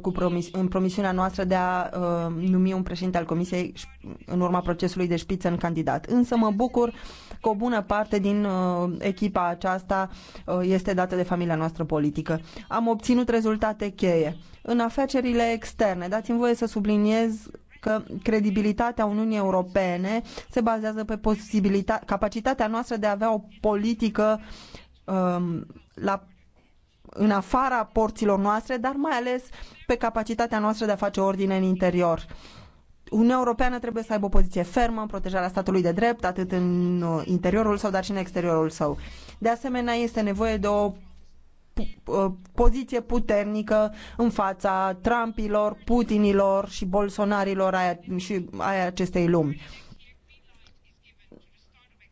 cu promis- în promisiunea noastră de a uh, numi un președinte al Comisiei în urma procesului de șpiță în candidat. Însă mă bucur că o bună parte din uh, echipa aceasta uh, este dată de familia noastră politică. Am obținut rezultate cheie. În afacerile externe, dați-mi voie să subliniez că credibilitatea Uniunii Europene se bazează pe posibilitatea, capacitatea noastră de a avea o politică um, la în afara porților noastre, dar mai ales pe capacitatea noastră de a face ordine în interior. Uniunea Europeană trebuie să aibă o poziție fermă în protejarea statului de drept, atât în uh, interiorul său, dar și în exteriorul său. De asemenea, este nevoie de o uh, poziție puternică în fața Trumpilor, Putinilor și Bolsonarilor aia, și ai acestei lumi.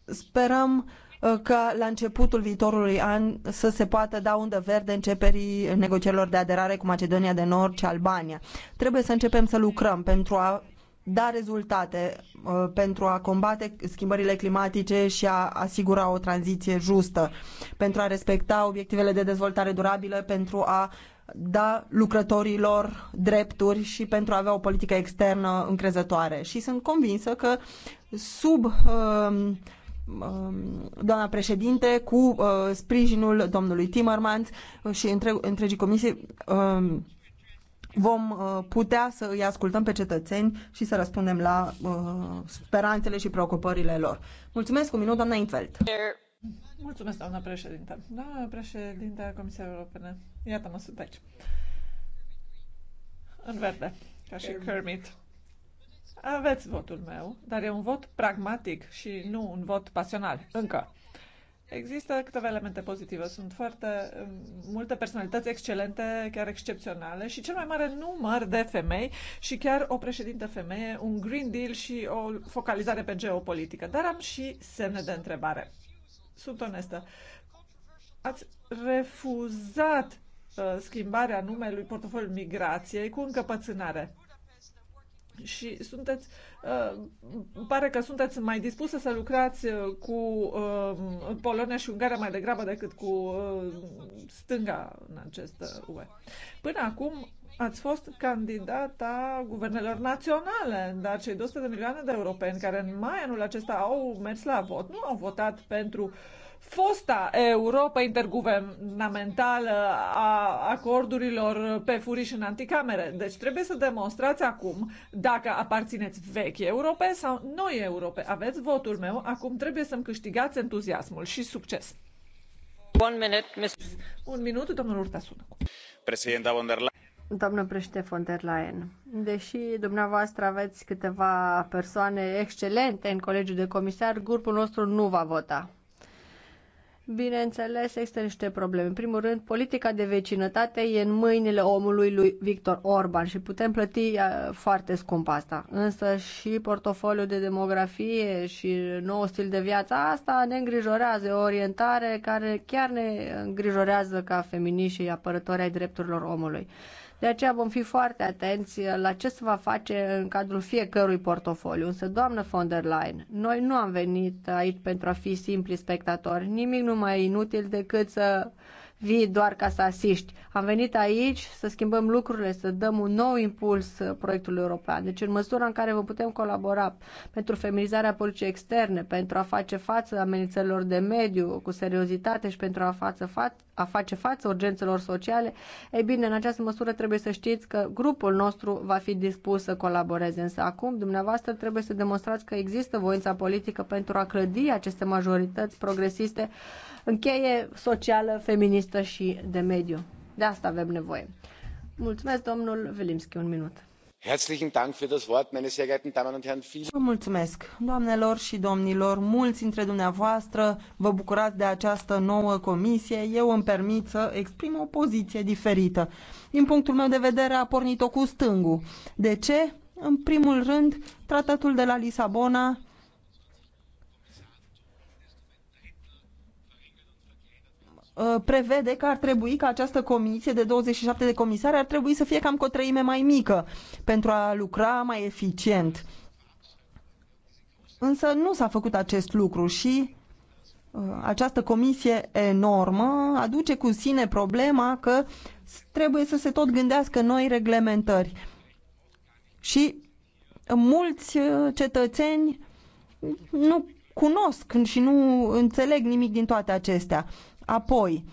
Sperăm uh, Uh, ca la începutul viitorului an să se poată da undă verde începerii negocierilor de aderare cu Macedonia de Nord și Albania. Trebuie să începem să lucrăm pentru a da rezultate uh, pentru a combate schimbările climatice și a asigura o tranziție justă, pentru a respecta obiectivele de dezvoltare durabilă, pentru a da lucrătorilor drepturi și pentru a avea o politică externă încrezătoare. Și sunt convinsă că sub uh, Um, doamna președinte, cu uh, sprijinul domnului Timmermans și întregii comisii um, vom uh, putea să îi ascultăm pe cetățeni și să răspundem la uh, speranțele și preocupările lor. Mulțumesc un minut, doamna Infeld. Mulțumesc, doamna președinte. Doamna președinte a Comisiei Europene, iată-mă, sunt aici. În verde, ca și Kermit. Kermit. Aveți votul meu, dar e un vot pragmatic și nu un vot pasional. Încă. Există câteva elemente pozitive. Sunt foarte um, multe personalități excelente, chiar excepționale și cel mai mare număr de femei și chiar o președintă femeie, un Green Deal și o focalizare pe geopolitică. Dar am și semne de întrebare. Sunt onestă. Ați refuzat uh, schimbarea numelui portofoliul migrației cu încăpățânare și sunteți, uh, pare că sunteți mai dispusă să lucrați uh, cu uh, Polonia și Ungaria mai degrabă decât cu uh, stânga în acest uh, UE. Până acum ați fost candidata guvernelor naționale, dar cei 200 de milioane de europeni care în mai anul acesta au mers la vot nu au votat pentru uh, fosta Europa interguvernamentală a acordurilor pe furiș în anticamere. Deci trebuie să demonstrați acum dacă aparțineți vechi Europe sau noi Europe. Aveți votul meu, acum trebuie să-mi câștigați entuziasmul și succes. One minute, Un minut, domnul Urtasun. Președinta von der Leyen. Doamnă președinte von der Leyen, deși dumneavoastră aveți câteva persoane excelente în colegiul de comisar, grupul nostru nu va vota Bineînțeles, există niște probleme. În primul rând, politica de vecinătate e în mâinile omului lui Victor Orban și putem plăti uh, foarte scump asta. Însă și portofoliul de demografie și nou stil de viață, asta ne îngrijorează, o orientare care chiar ne îngrijorează ca feminiști și apărători ai drepturilor omului. De aceea vom fi foarte atenți la ce se va face în cadrul fiecărui portofoliu. Însă, doamnă von der Leyen, noi nu am venit aici pentru a fi simpli spectatori. Nimic nu mai inutil decât să vii doar ca să asiști. Am venit aici să schimbăm lucrurile, să dăm un nou impuls uh, proiectului european. Deci în măsura în care vă putem colabora pentru feminizarea politicii externe, pentru a face față amenințărilor de mediu cu seriozitate și pentru a, față, fa- a face față urgențelor sociale, ei bine, în această măsură trebuie să știți că grupul nostru va fi dispus să colaboreze. Însă acum, dumneavoastră, trebuie să demonstrați că există voința politică pentru a clădi aceste majorități progresiste încheie socială, feministă și de mediu. De asta avem nevoie. Mulțumesc, domnul Vilimski, un minut. Vă mulțumesc, doamnelor și domnilor, mulți dintre dumneavoastră vă bucurați de această nouă comisie. Eu îmi permit să exprim o poziție diferită. Din punctul meu de vedere, a pornit-o cu stângul. De ce? În primul rând, tratatul de la Lisabona Uh, prevede că ar trebui ca această comisie de 27 de comisari ar trebui să fie cam cu o treime mai mică pentru a lucra mai eficient. Însă nu s-a făcut acest lucru și uh, această comisie enormă aduce cu sine problema că trebuie să se tot gândească noi reglementări. Și mulți uh, cetățeni nu cunosc și nu înțeleg nimic din toate acestea. Apoi,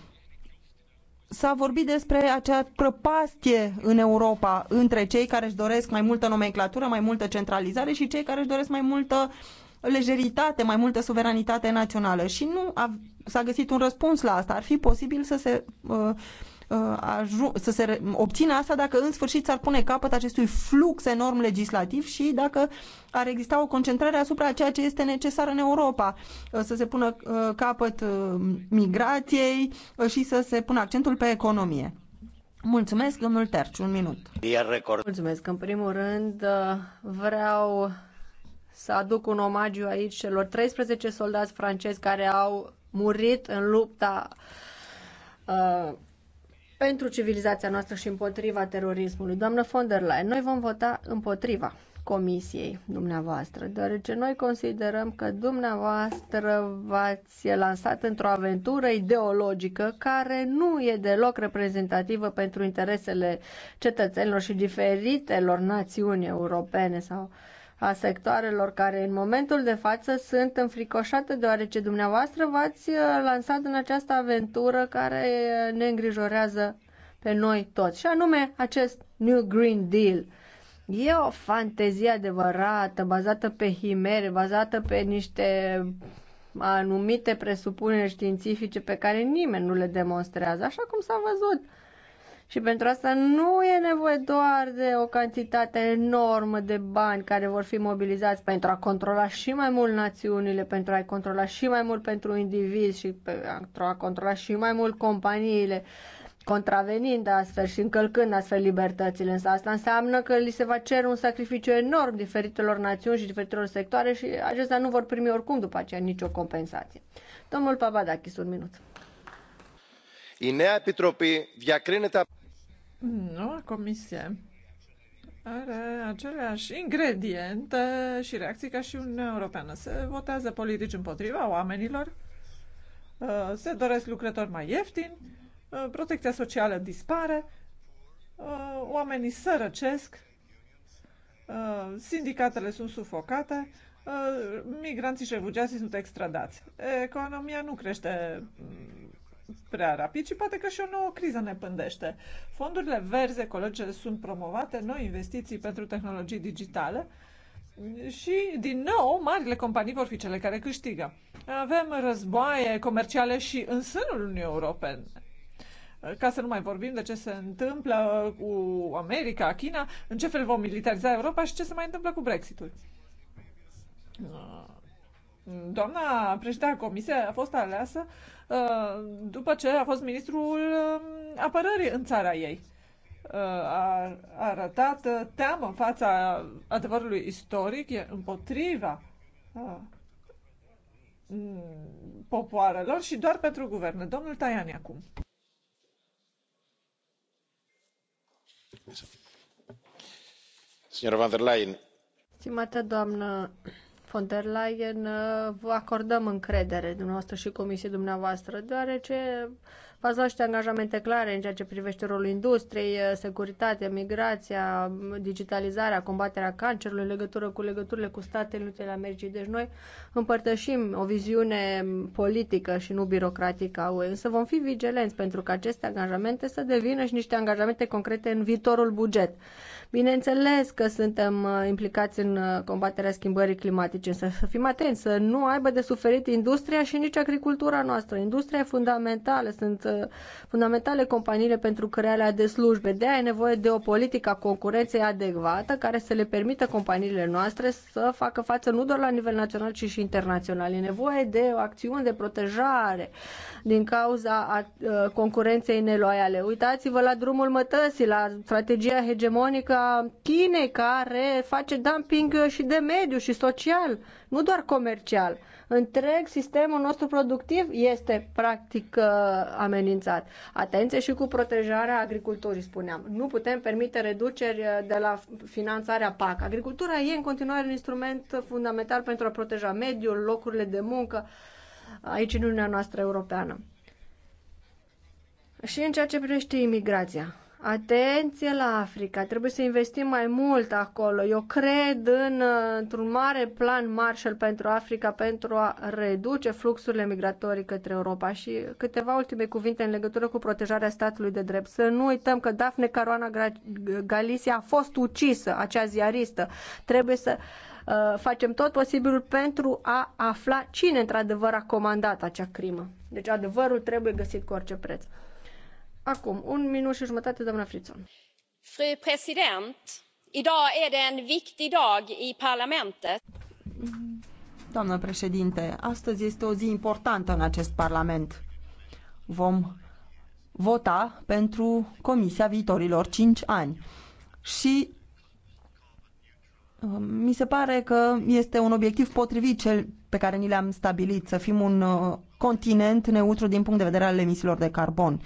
s-a vorbit despre acea prăpastie în Europa între cei care își doresc mai multă nomenclatură, mai multă centralizare și cei care își doresc mai multă lejeritate, mai multă suveranitate națională. Și nu a, s-a găsit un răspuns la asta. Ar fi posibil să se uh, Uh, să se obțină asta dacă în sfârșit s-ar pune capăt acestui flux enorm legislativ și dacă ar exista o concentrare asupra ceea ce este necesar în Europa, uh, să se pună uh, capăt migrației și să se pună accentul pe economie. Mulțumesc, domnul Terci, un minut. Mulțumesc. În primul rând, vreau să aduc un omagiu aici celor 13 soldați francezi care au murit în lupta uh, pentru civilizația noastră și împotriva terorismului. Doamnă von der Leyen, noi vom vota împotriva comisiei dumneavoastră, deoarece noi considerăm că dumneavoastră v-ați lansat într-o aventură ideologică care nu e deloc reprezentativă pentru interesele cetățenilor și diferitelor națiuni europene sau uh, a sectoarelor care în momentul de față sunt înfricoșate deoarece dumneavoastră v-ați uh, lansat în această aventură care uh, ne îngrijorează pe noi toți și anume acest New Green Deal. E o fantezie adevărată, bazată pe himere, bazată pe niște anumite presupuneri științifice pe care nimeni nu le demonstrează, așa cum s-a văzut și pentru asta nu e nevoie doar de o cantitate enormă de bani care vor fi mobilizați pentru a controla și mai mult națiunile, pentru a-i controla și mai mult pentru indivizi și pentru a controla și mai mult companiile, contravenind astfel și încălcând astfel libertățile. Însă asta înseamnă că li se va cere un sacrificiu enorm diferitelor națiuni și diferitelor sectoare și acestea nu vor primi oricum după aceea nicio compensație. Domnul Papadakis, un minut. Η νέα επιτροπή διακρίνεται Noua comisie are aceleași ingrediente și reacții ca și Uniunea Europeană. Se votează politici împotriva oamenilor, uh, se doresc lucrători mai ieftini, uh, protecția socială dispare, uh, oamenii sărăcesc, sindicatele sunt sufocate, migranții și refugiații sunt extradați. Economia nu crește prea rapid și poate că și o nouă criză ne pândește. Fondurile verzi ecologice sunt promovate, noi investiții pentru tehnologii digitale și, din nou, marile companii vor fi cele care câștigă. Avem războaie comerciale și în sânul Uniunii Europene ca să nu mai vorbim de ce se întâmplă cu America, China, în ce fel vom militariza Europa și ce se mai întâmplă cu Brexitul. Doamna președinta Comisiei a fost aleasă Uh, după ce a fost ministrul um, apărării în țara ei. Uh, a arătat uh, teamă în fața adevărului istoric, e împotriva mm, popoarelor și doar pentru guverne. Domnul Tajani acum. Signora von der Leyen. Stimată doamnă von der Leyen, uh, vă acordăm încredere dumneavoastră și comisiei dumneavoastră, deoarece v-ați luat angajamente clare în ceea ce privește rolul industriei, uh, securitatea, migrația, digitalizarea, combaterea cancerului, legătură cu legăturile cu Statele Unite ale Americii. Deci noi împărtășim o viziune politică și nu birocratică a UE, însă vom fi vigilenți pentru că aceste angajamente să devină și niște angajamente concrete în viitorul buget. Bineînțeles că suntem uh, implicați în uh, combaterea schimbării climatice, însă să fim atenți, să nu aibă de suferit industria și nici agricultura noastră. Industria e fundamentală, sunt uh, fundamentale companiile pentru crearea de slujbe. De aia e nevoie de o politică a concurenței adecvată care să le permită companiile noastre să facă față nu doar la nivel național, ci și internațional. E nevoie de o acțiune de protejare din cauza a, a, concurenței neloiale. Uitați-vă la drumul mătăsii, la strategia hegemonică împotriva Chinei care face dumping și de mediu și social, nu doar comercial. Întreg sistemul nostru productiv este practic uh, amenințat. Atenție și cu protejarea agriculturii, spuneam. Nu putem permite reduceri uh, de la finanțarea PAC. Agricultura e în continuare un instrument fundamental pentru a proteja mediul, locurile de muncă uh, aici în Uniunea noastră europeană. Și în ceea ce privește imigrația, Atenție la Africa, trebuie să investim mai mult acolo. Eu cred în, într-un mare plan Marshall pentru Africa pentru a reduce fluxurile migratorii către Europa. Și câteva ultime cuvinte în legătură cu protejarea statului de drept. Să nu uităm că Daphne Caruana Galicia a fost ucisă, acea ziaristă. Trebuie să uh, facem tot posibilul pentru a afla cine într-adevăr a comandat acea crimă. Deci adevărul trebuie găsit cu orice preț. Acum, Fru president, är er det en viktig dag i parlamentet. Doamnă președinte, astăzi este o zi importantă în acest parlament. Vom vota pentru Comisia viitorilor 5 ani. Și uh, mi se pare că este un obiectiv potrivit cel pe care ni l-am stabilit, să fim un uh, continent neutru din punct de vedere al emisiilor de carbon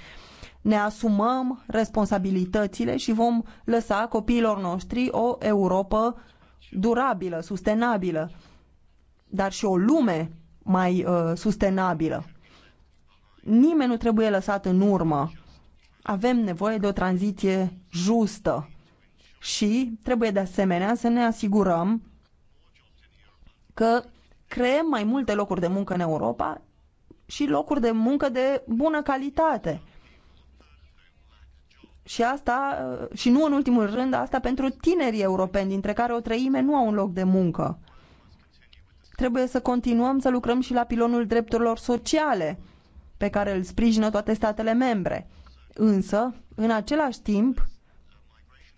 ne asumăm responsabilitățile și vom lăsa copiilor noștri o Europa durabilă, sustenabilă, dar și o lume mai uh, sustenabilă. Nimeni nu trebuie lăsat în urmă. Avem nevoie de o tranziție justă și trebuie de asemenea să ne asigurăm că creăm mai multe locuri de muncă în Europa și locuri de muncă de bună calitate și asta, uh, și nu în ultimul rând, asta pentru tinerii europeni, dintre care o treime nu au un loc de muncă. Trebuie să continuăm să lucrăm și la pilonul drepturilor sociale, pe care îl sprijină toate statele membre. Însă, în același timp,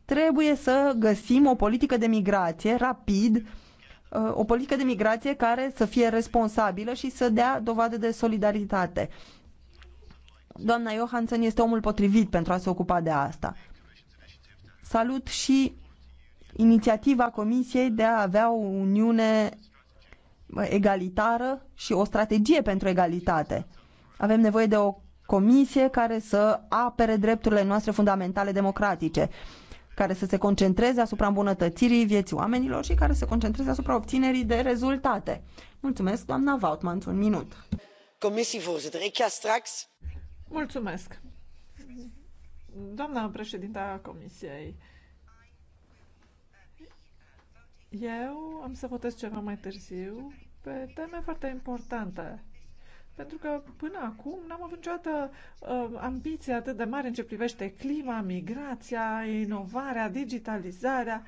trebuie să găsim o politică de migrație rapid, uh, o politică de migrație care să fie responsabilă și să dea dovadă de solidaritate doamna Johansson este omul potrivit pentru a se ocupa de asta. Salut și inițiativa Comisiei de a avea o uniune egalitară și o strategie pentru egalitate. Avem nevoie de o comisie care să apere drepturile noastre fundamentale democratice, care să se concentreze asupra îmbunătățirii vieții oamenilor și care să se concentreze asupra obținerii de rezultate. Mulțumesc, doamna Vautmanț, un minut. Comisie, voorzitter. Ik ga straks Mulțumesc. Doamna a Comisiei, eu am să votez ceva mai târziu pe teme foarte importante. Pentru că până acum n-am avut niciodată uh, ambiție atât de mare în ce privește clima, migrația, inovarea, digitalizarea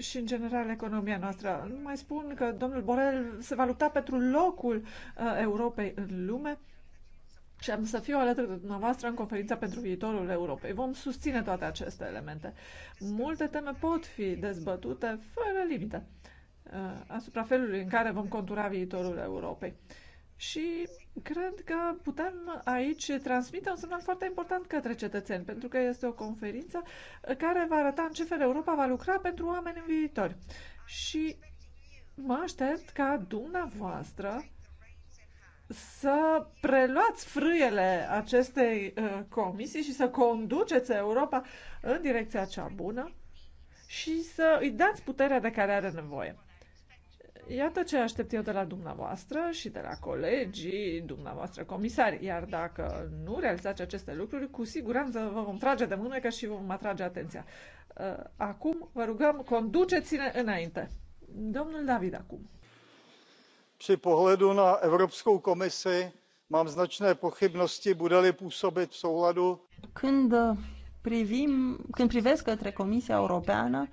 și, în general, economia noastră. Nu mai spun că domnul Borel se va lupta pentru locul uh, Europei în lume și am să fiu alături de dumneavoastră în conferința pentru viitorul Europei. Vom susține toate aceste elemente. Multe teme pot fi dezbătute fără limite uh, asupra felului în care vom contura viitorul Europei. Și cred că putem aici transmite un semnal foarte important către cetățeni, pentru că este o conferință care va arăta în ce fel Europa va lucra pentru oameni în viitor. Și mă aștept ca dumneavoastră să preluați frâiele acestei uh, comisii și să conduceți Europa în direcția cea bună și să îi dați puterea de care are nevoie. Iată ce aștept eu de la dumneavoastră și de la colegii dumneavoastră comisari. Iar dacă nu realizați aceste lucruri, cu siguranță vă vom trage de mânecă și vă vom atrage atenția. Uh, acum vă rugăm, conduceți-ne înainte. Domnul David, acum při pohledu na evropskou komisi mám značné pochybnosti bude li působit v souladu când uh, privim, când privesc către Comisia Europeană,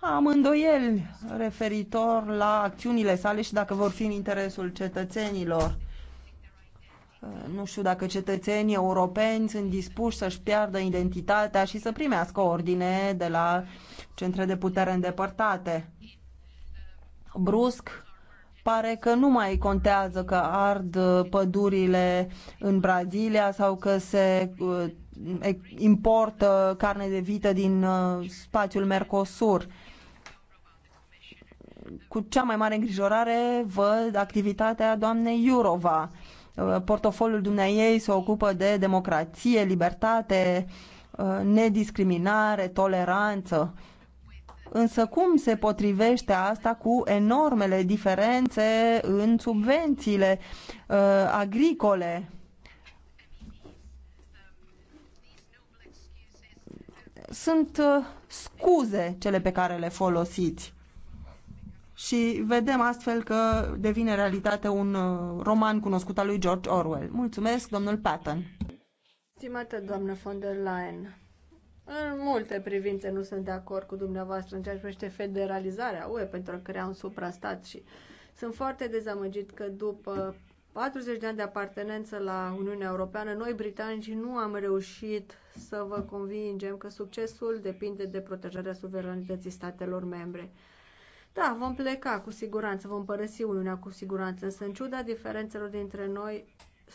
am îndoieli referitor la acțiunile sale și dacă vor fi în interesul cetățenilor. Uh, nu știu dacă cetățenii europeni sunt dispuși să-și piardă identitatea și să primească ordine de la centre de putere îndepărtate. Brusc, pare că nu mai contează că ard uh, pădurile în Brazilia sau că se uh, importă carne de vită din uh, spațiul Mercosur. Cu cea mai mare îngrijorare văd activitatea doamnei Iurova. Portofoliul dumneiei se ocupă de democrație, libertate, nediscriminare, toleranță Însă cum se potrivește asta cu enormele diferențe în subvențiile uh, agricole? Sunt uh, scuze cele pe care le folosiți. Și vedem astfel că devine realitate un uh, roman cunoscut al lui George Orwell. Mulțumesc, domnul Patton. Stimată doamnă von der Leyen, în multe privințe nu sunt de acord cu dumneavoastră în ceea ce privește federalizarea UE pentru a crea un suprastat și sunt foarte dezamăgit că după 40 de ani de apartenență la Uniunea Europeană, noi Britanici nu am reușit să vă convingem că succesul depinde de protejarea suveranității statelor membre. Da, vom pleca cu siguranță, vom părăsi Uniunea cu siguranță, însă în ciuda diferențelor dintre noi,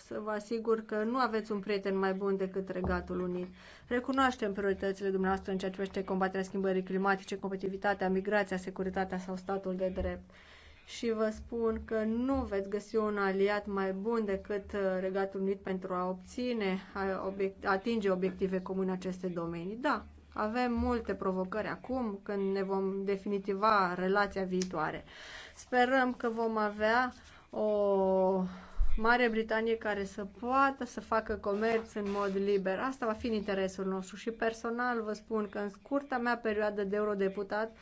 să vă asigur că nu aveți un prieten mai bun decât Regatul Unit. Recunoaștem prioritățile dumneavoastră în ceea ce privește combaterea schimbării climatice, competitivitatea, migrația, securitatea sau statul de drept. Și vă spun că nu veți găsi un aliat mai bun decât uh, Regatul Unit pentru a obține, a obiect, atinge obiective comune în aceste domenii. Da, avem multe provocări acum când ne vom definitiva relația viitoare. Sperăm că vom avea o Marea Britanie care să poată să facă comerț în mod liber. Asta va fi în interesul nostru și personal vă spun că în scurta mea perioadă de eurodeputat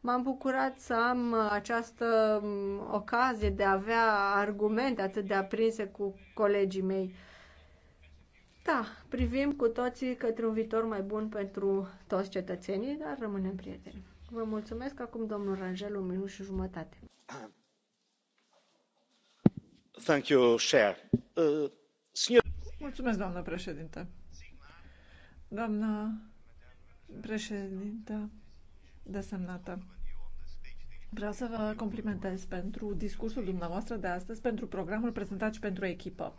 m-am bucurat să am această mm, ocazie de a avea argumente atât de aprinse cu colegii mei. Da, privim cu toții către un viitor mai bun pentru toți cetățenii, dar rămânem prieteni. Vă mulțumesc acum, domnul Rangel, un minut și jumătate. Ah, Uh, doamnă președintă doamnă președintă desemnată vreau să vă complimentez pentru discursul dumneavoastră de astăzi pentru programul prezentat și pentru echipă.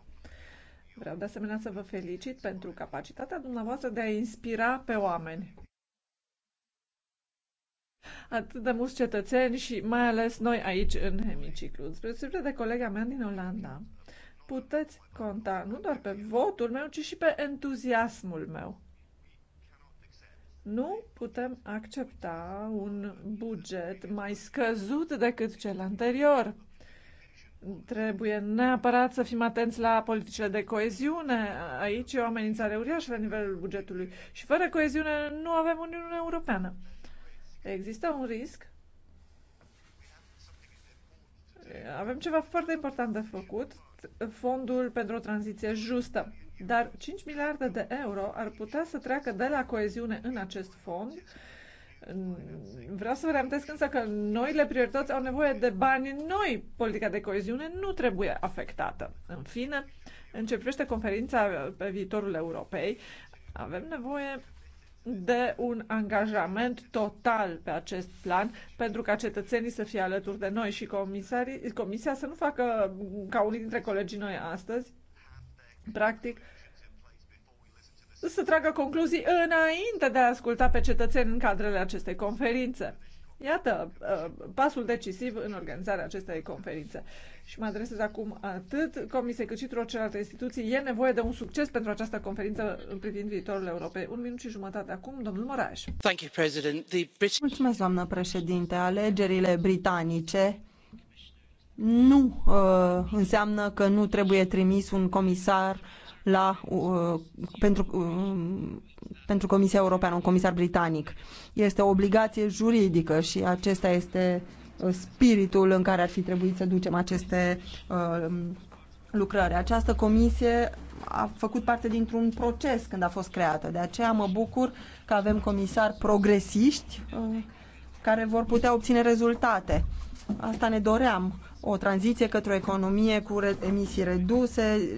Vreau de asemenea să vă felicit pentru capacitatea dumneavoastră de a inspira pe oameni atât de mulți cetățeni și mai ales noi aici în hemiciclu. Spre deosebire de colega mea din Olanda, puteți conta nu doar pe votul meu, ci și pe entuziasmul meu. Nu putem accepta un buget mai scăzut decât cel anterior. Trebuie neapărat să fim atenți la politicile de coeziune. Aici e o amenințare uriașă la nivelul bugetului. Și fără coeziune nu avem Uniunea Europeană. Există un risc. Avem ceva foarte important de făcut, fondul pentru o tranziție justă. Dar 5 miliarde de euro ar putea să treacă de la coeziune în acest fond. Vreau să vă reamintesc însă că noile priorități au nevoie de bani noi. Politica de coeziune nu trebuie afectată. În fine, în ce privește conferința pe viitorul Europei, avem nevoie de un angajament total pe acest plan pentru ca cetățenii să fie alături de noi și comisarii, comisia să nu facă ca unii dintre colegii noi astăzi, practic, să tragă concluzii înainte de a asculta pe cetățeni în cadrele acestei conferințe. Iată uh, pasul decisiv în organizarea acestei conferințe. Și mă adresez acum atât Comisiei cât și tuturor celelalte instituții. E nevoie de un succes pentru această conferință privind viitorul Europei. Un minut și jumătate acum, domnul Moraș. Mulțumesc, doamnă președinte. Alegerile britanice nu uh, înseamnă că nu trebuie trimis un comisar la, uh, pentru, uh, pentru Comisia Europeană, un comisar britanic. Este o obligație juridică și acesta este uh, spiritul în care ar fi trebuit să ducem aceste uh, lucrări. Această comisie a făcut parte dintr-un proces când a fost creată. De aceea mă bucur că avem comisari progresiști uh, care vor putea obține rezultate. Asta ne doream, o tranziție către o economie cu emisii reduse,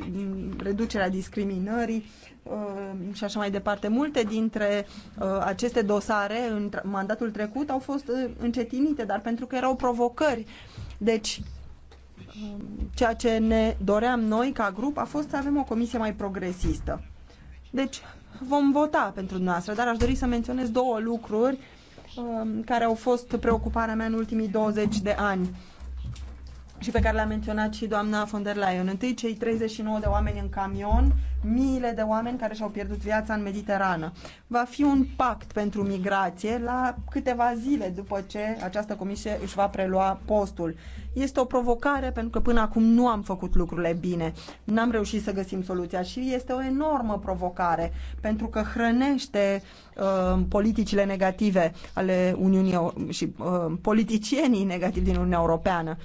reducerea discriminării uh, și așa mai departe. Multe dintre uh, aceste dosare în mandatul trecut au fost uh, încetinite, dar pentru că erau provocări. Deci, ceea ce ne doream noi ca grup a fost să avem o comisie mai progresistă. Deci, vom vota pentru dumneavoastră, dar aș dori să menționez două lucruri Um, care au fost preocuparea mea în ultimii 20 de ani și pe care le-a menționat și doamna von der Leyen. Întâi, cei 39 de oameni în camion miile de oameni care și-au pierdut viața în Mediterană. Va fi un pact pentru migrație la câteva zile după ce această comisie își va prelua postul. Este o provocare pentru că până acum nu am făcut lucrurile bine. N-am reușit să găsim soluția și este o enormă provocare pentru că hrănește uh, politicile negative ale Uniunii și uh, politicienii negativi din Uniunea Europeană.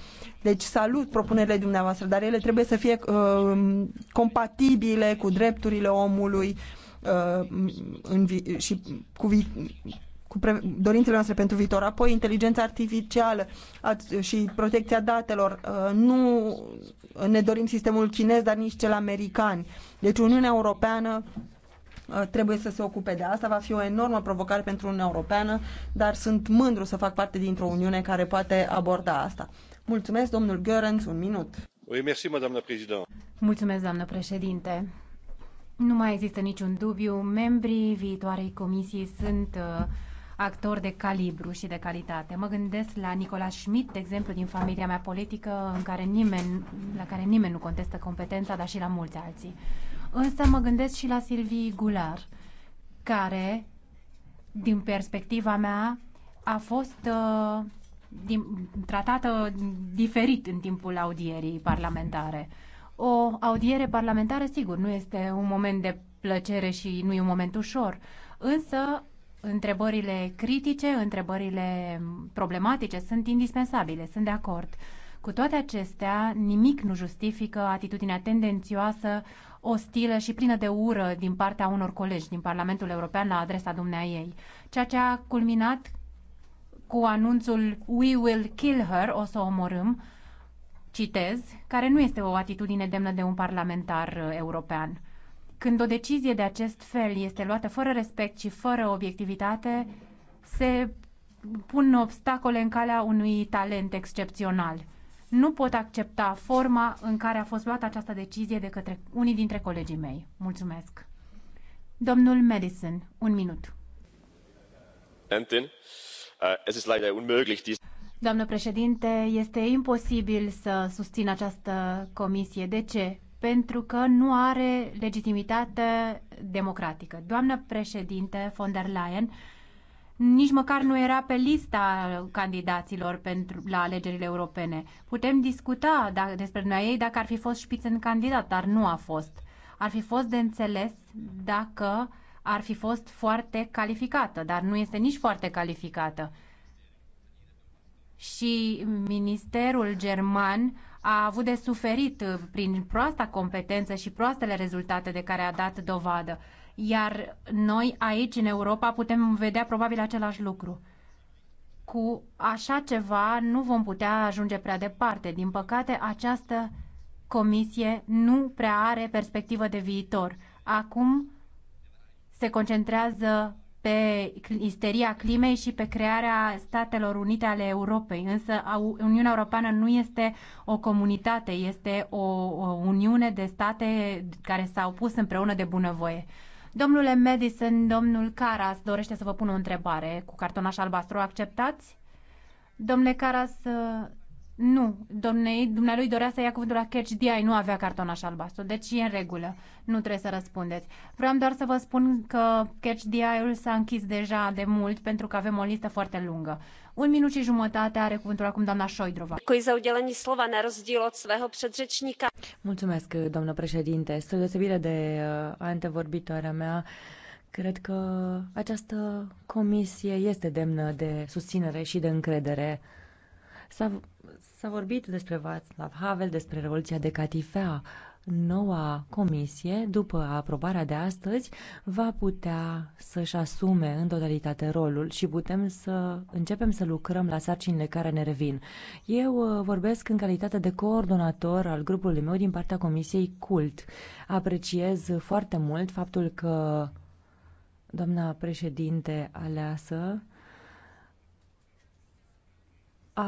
Deci salut propunerile dumneavoastră, dar ele trebuie să fie uh, compatibile cu cu drepturile omului uh, și cu, cu pre, dorințele noastre pentru viitor. Apoi, inteligența artificială și protecția datelor. Uh, nu ne dorim sistemul chinez, dar nici cel american. Deci Uniunea Europeană uh, trebuie să se ocupe de asta. Va fi o enormă provocare pentru Uniunea Europeană, dar sunt mândru să fac parte dintr-o Uniune care poate aborda asta. Mulțumesc, domnul Görens, un minut. Mulțumesc, doamnă președinte. Nu mai există niciun dubiu, membrii viitoarei comisii sunt uh, actori de calibru și de calitate. Mă gândesc la Nicola Schmidt, de exemplu, din familia mea politică, în care nimeni, la care nimeni nu contestă competența, dar și la mulți alții. Însă mă gândesc și la Silvii Gular, care, din perspectiva mea, a fost uh, din, tratată diferit în timpul audierii parlamentare. Uh, o audiere parlamentară, sigur, nu este un moment de plăcere și nu e un moment ușor, însă întrebările critice, întrebările problematice sunt indispensabile, sunt de acord. Cu toate acestea, nimic nu justifică atitudinea tendențioasă, ostilă și plină de ură din partea unor colegi din Parlamentul European la adresa dumneaei, ceea ce a culminat cu anunțul We will kill her, o să o omorâm, citez, care nu este o atitudine demnă de un parlamentar uh, european. Când o decizie de acest fel este luată fără respect și fără obiectivitate, se pun obstacole în calea unui talent excepțional. Nu pot accepta forma în care a fost luată această decizie de către unii dintre colegii mei. Mulțumesc. Domnul Madison, un minut. Antin, uh, es ist leider unmöglich, dies Doamnă președinte, este imposibil să susțin această comisie. De ce? Pentru că nu are legitimitate democratică. Doamnă președinte von der Leyen, nici măcar nu era pe lista candidaților pentru, la alegerile europene. Putem discuta dacă, despre ei dacă ar fi fost Spitzen candidat, dar nu a fost. Ar fi fost de înțeles dacă ar fi fost foarte calificată, dar nu este nici foarte calificată și ministerul german a avut de suferit prin proasta competență și proastele rezultate de care a dat dovadă. Iar noi aici, în Europa, putem vedea probabil același lucru. Cu așa ceva nu vom putea ajunge prea departe. Din păcate, această comisie nu prea are perspectivă de viitor. Acum se concentrează pe isteria climei și pe crearea Statelor Unite ale Europei. Însă Uniunea Europeană nu este o comunitate, este o, o uniune de state care s-au pus împreună de bunăvoie. Domnule Madison, domnul Caras dorește să vă pun o întrebare cu cartonaș albastru. Acceptați? Domnule Caras, nu, domnei, dumnealui dorea să ia cuvântul la Catch DI, nu avea cartonaș albastru, deci e în regulă, nu trebuie să răspundeți. Vreau doar să vă spun că Catch DI-ul s-a închis deja de mult pentru că avem o listă foarte lungă. Un minut și jumătate are cuvântul acum doamna Șoidrova. Mulțumesc, doamnă președinte. Spre deosebire de uh, antevorbitoarea mea, Cred că această comisie este demnă de susținere și de încredere. S-a S-a vorbit despre Václav Havel, despre Revoluția de Catifea. Noua comisie, după aprobarea de astăzi, va putea să-și asume în totalitate rolul și putem să începem să lucrăm la sarcinile care ne revin. Eu uh, vorbesc în calitate de coordonator al grupului meu din partea comisiei CULT. Apreciez foarte mult faptul că doamna președinte aleasă a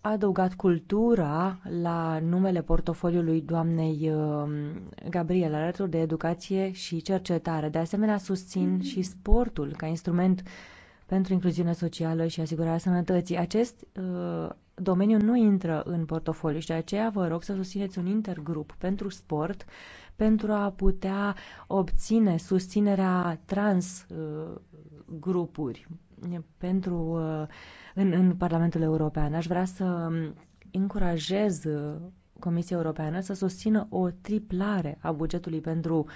adăugat cultura la numele portofoliului doamnei uh, Gabriel, alături de educație și cercetare. De asemenea, susțin mhm. și sportul ca instrument pentru incluziunea socială și asigurarea sănătății. Acest uh, domeniul nu intră în portofoliu și de aceea vă rog să susțineți un intergrup pentru sport pentru a putea obține susținerea trans uh, grupuri pentru uh, în, în Parlamentul European. Aș vrea să încurajez uh, Comisia Europeană să susțină o triplare a bugetului pentru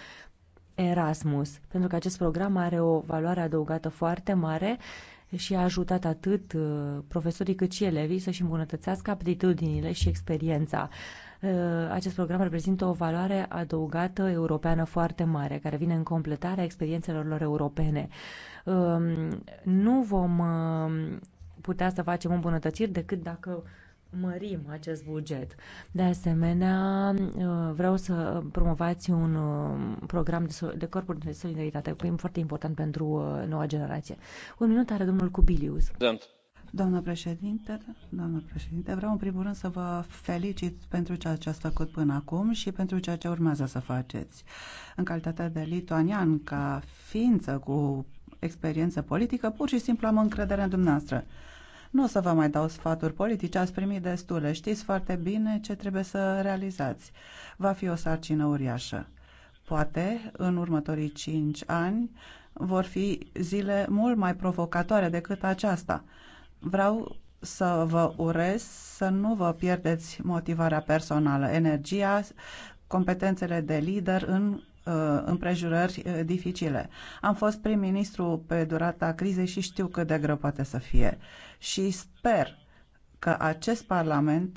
Erasmus, pentru că acest program are o valoare adăugată foarte mare și a ajutat atât uh, profesorii cât și elevii să-și îmbunătățească aptitudinile și experiența. Uh, acest program reprezintă o valoare adăugată europeană foarte mare, care vine în completarea experiențelor lor europene. Um, nu vom uh, putea să facem îmbunătățiri decât dacă mărim acest buget. De asemenea, uh, vreau să promovați un uh, program de, de corpuri de solidaritate, păi, foarte important pentru uh, noua generație. Un minut are domnul Cubilius. Doamna președinte, doamna președinte, vreau în primul rând să vă felicit pentru ceea ce ați făcut până acum și pentru ceea ce urmează să faceți. În calitate de lituanian, ca ființă cu experiență politică, pur și simplu am încredere în dumneavoastră. Nu o să vă mai dau sfaturi politice, ați primit destule, știți foarte bine ce trebuie să realizați. Va fi o sarcină uriașă. Poate, în următorii cinci ani, vor fi zile mult mai provocatoare decât aceasta. Vreau să vă urez să nu vă pierdeți motivarea personală, energia, competențele de lider în Uh, împrejurări uh, dificile. Am fost prim-ministru pe durata crizei și știu cât de greu poate să fie. Și sper că acest Parlament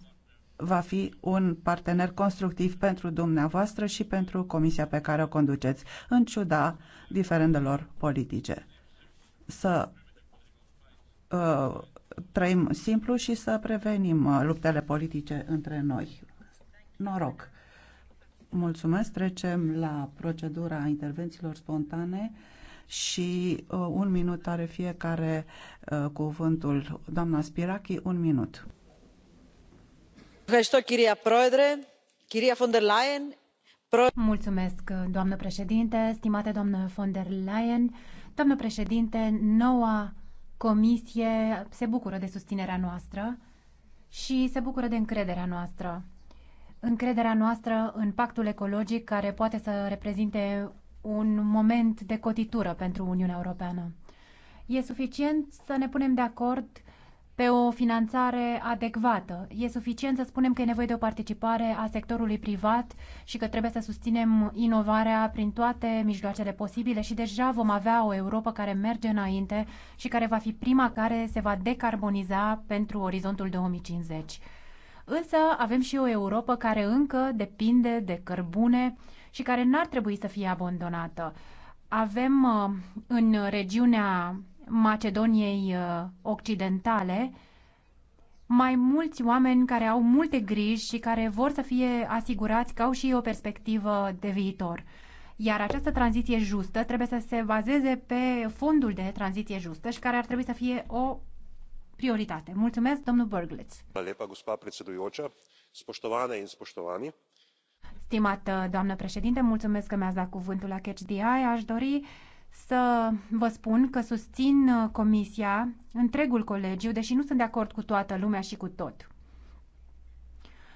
va fi un partener constructiv pentru dumneavoastră și pentru comisia pe care o conduceți, în ciuda diferendelor politice. Să uh, trăim simplu și să prevenim uh, luptele politice între noi. Noroc! Mulțumesc. Trecem la procedura intervențiilor spontane și uh, un minut are fiecare uh, cuvântul. Doamna Spirachi, un minut. Mulțumesc, doamnă președinte, stimate doamnă von der Leyen. Doamnă președinte, noua comisie se bucură de susținerea noastră și se bucură de încrederea noastră încrederea noastră în pactul ecologic care poate să reprezinte un moment de cotitură pentru Uniunea Europeană. E suficient să ne punem de acord pe o finanțare adecvată. E suficient să spunem că e nevoie de o participare a sectorului privat și că trebuie să susținem inovarea prin toate mijloacele posibile și deja vom avea o Europa care merge înainte și care va fi prima care se va decarboniza pentru orizontul 2050. Însă avem și o Europa care încă depinde de cărbune și care n-ar trebui să fie abandonată. Avem uh, în regiunea Macedoniei uh, Occidentale mai mulți oameni care au multe griji și care vor să fie asigurați că au și o perspectivă de viitor. Iar această tranziție justă trebuie să se bazeze pe fondul de tranziție justă și care ar trebui să fie o prioritate. Mulțumesc, domnul Berglitz. Stimată doamnă președinte, mulțumesc că mi-ați dat cuvântul la CHDI. Aș dori să vă spun că susțin uh, comisia, întregul colegiu, deși nu sunt de acord cu toată lumea și cu tot.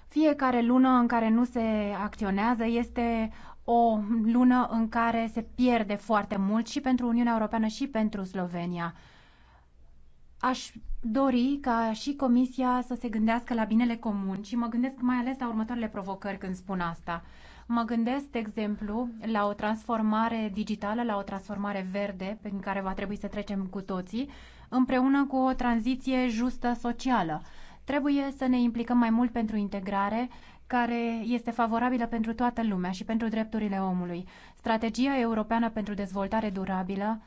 Fiecare lună în care nu se acționează este o lună în care se pierde foarte mult și pentru Uniunea Europeană și pentru Slovenia. Aș dori ca și Comisia să se gândească la binele comun și mă gândesc mai ales la următoarele provocări când spun asta. Mă gândesc, de exemplu, la o transformare digitală, la o transformare verde, prin care va trebui să trecem cu toții, împreună cu o tranziție justă socială. Trebuie să ne implicăm mai mult pentru integrare, care este favorabilă pentru toată lumea și pentru drepturile omului. Strategia europeană pentru dezvoltare durabilă